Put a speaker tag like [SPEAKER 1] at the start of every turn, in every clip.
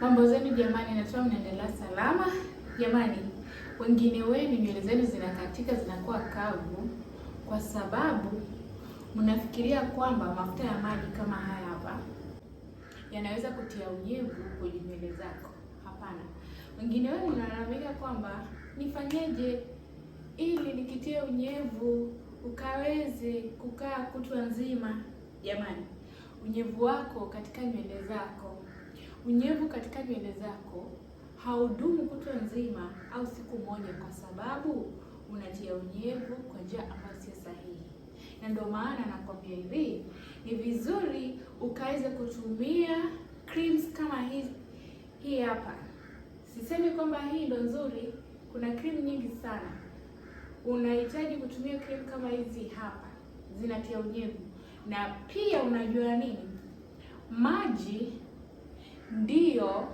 [SPEAKER 1] Mambo zenu jamani, natoa mnaendelea salama jamani. Wengine wenu nywele zenu zinakatika zinakuwa kavu kwa sababu mnafikiria kwamba mafuta ya maji kama haya hapa yanaweza kutia unyevu kwenye nywele zako. Hapana. Wengine wenu mnalalamika kwamba nifanyeje ili nikitia unyevu ukaweze kukaa kutwa nzima. Jamani, unyevu wako katika nywele zako Unyevu katika nywele zako haudumu kutwa nzima au siku moja, kwa sababu unatia unyevu kwa njia ambayo sio sahihi, na ndio maana nakwambia hivi, ni vizuri ukaweza kutumia creams kama hizi. Hii hapa, sisemi kwamba hii ndo nzuri, kuna cream nyingi sana. Unahitaji kutumia cream kama hizi hapa, zinatia unyevu. Na pia unajua nini, maji ndiyo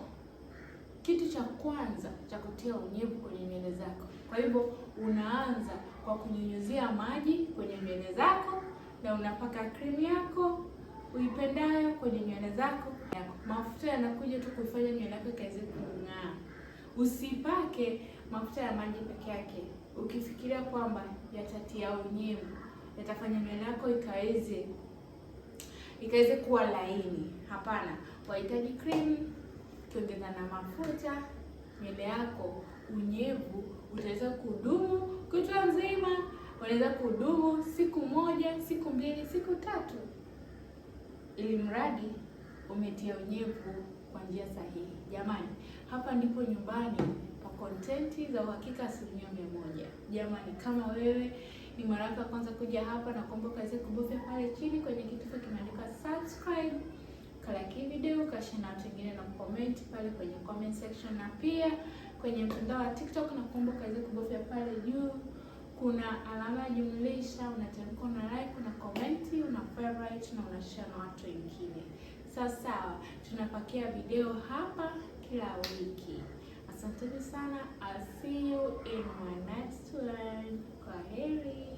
[SPEAKER 1] kitu cha kwanza cha kutia unyevu kwenye nywele zako. Kwa hivyo unaanza kwa kunyunyuzia maji kwenye nywele zako na unapaka cream yako uipendayo kwenye nywele zako. Mafuta yanakuja tu kuifanya nywele yako ikaweze kung'aa. Usipake mafuta ya maji peke yake ukifikiria kwamba yatatia unyevu, yatafanya nywele yako ikaweze ikaweze kuwa laini. Hapana wahitaji cream, kuongeza na mafuta. Nywele yako unyevu utaweza kudumu kutwa nzima, unaweza kudumu siku moja, siku mbili, siku tatu, ili mradi umetia unyevu kwa njia sahihi. Jamani, hapa ndipo nyumbani pa kontenti za uhakika asilimia mia moja. Jamani, kama wewe ni mara yako ya kwanza kuja hapa, na kuomba ukaweze kubofya pale chini kwenye kitufe kimeandika subscribe ukalike video, ukashare na watu wengine na comment pale kwenye comment section, na pia kwenye mtandao wa TikTok na kumbuka kaweze kubofya pale juu kuna alama ya jumlisha, unatamka, una like, una comment, una favorite na una share na watu wengine. Sawa sawa, tunapakia video hapa kila wiki. Asanteni sana. I'll see you in my next one. Kwa heri.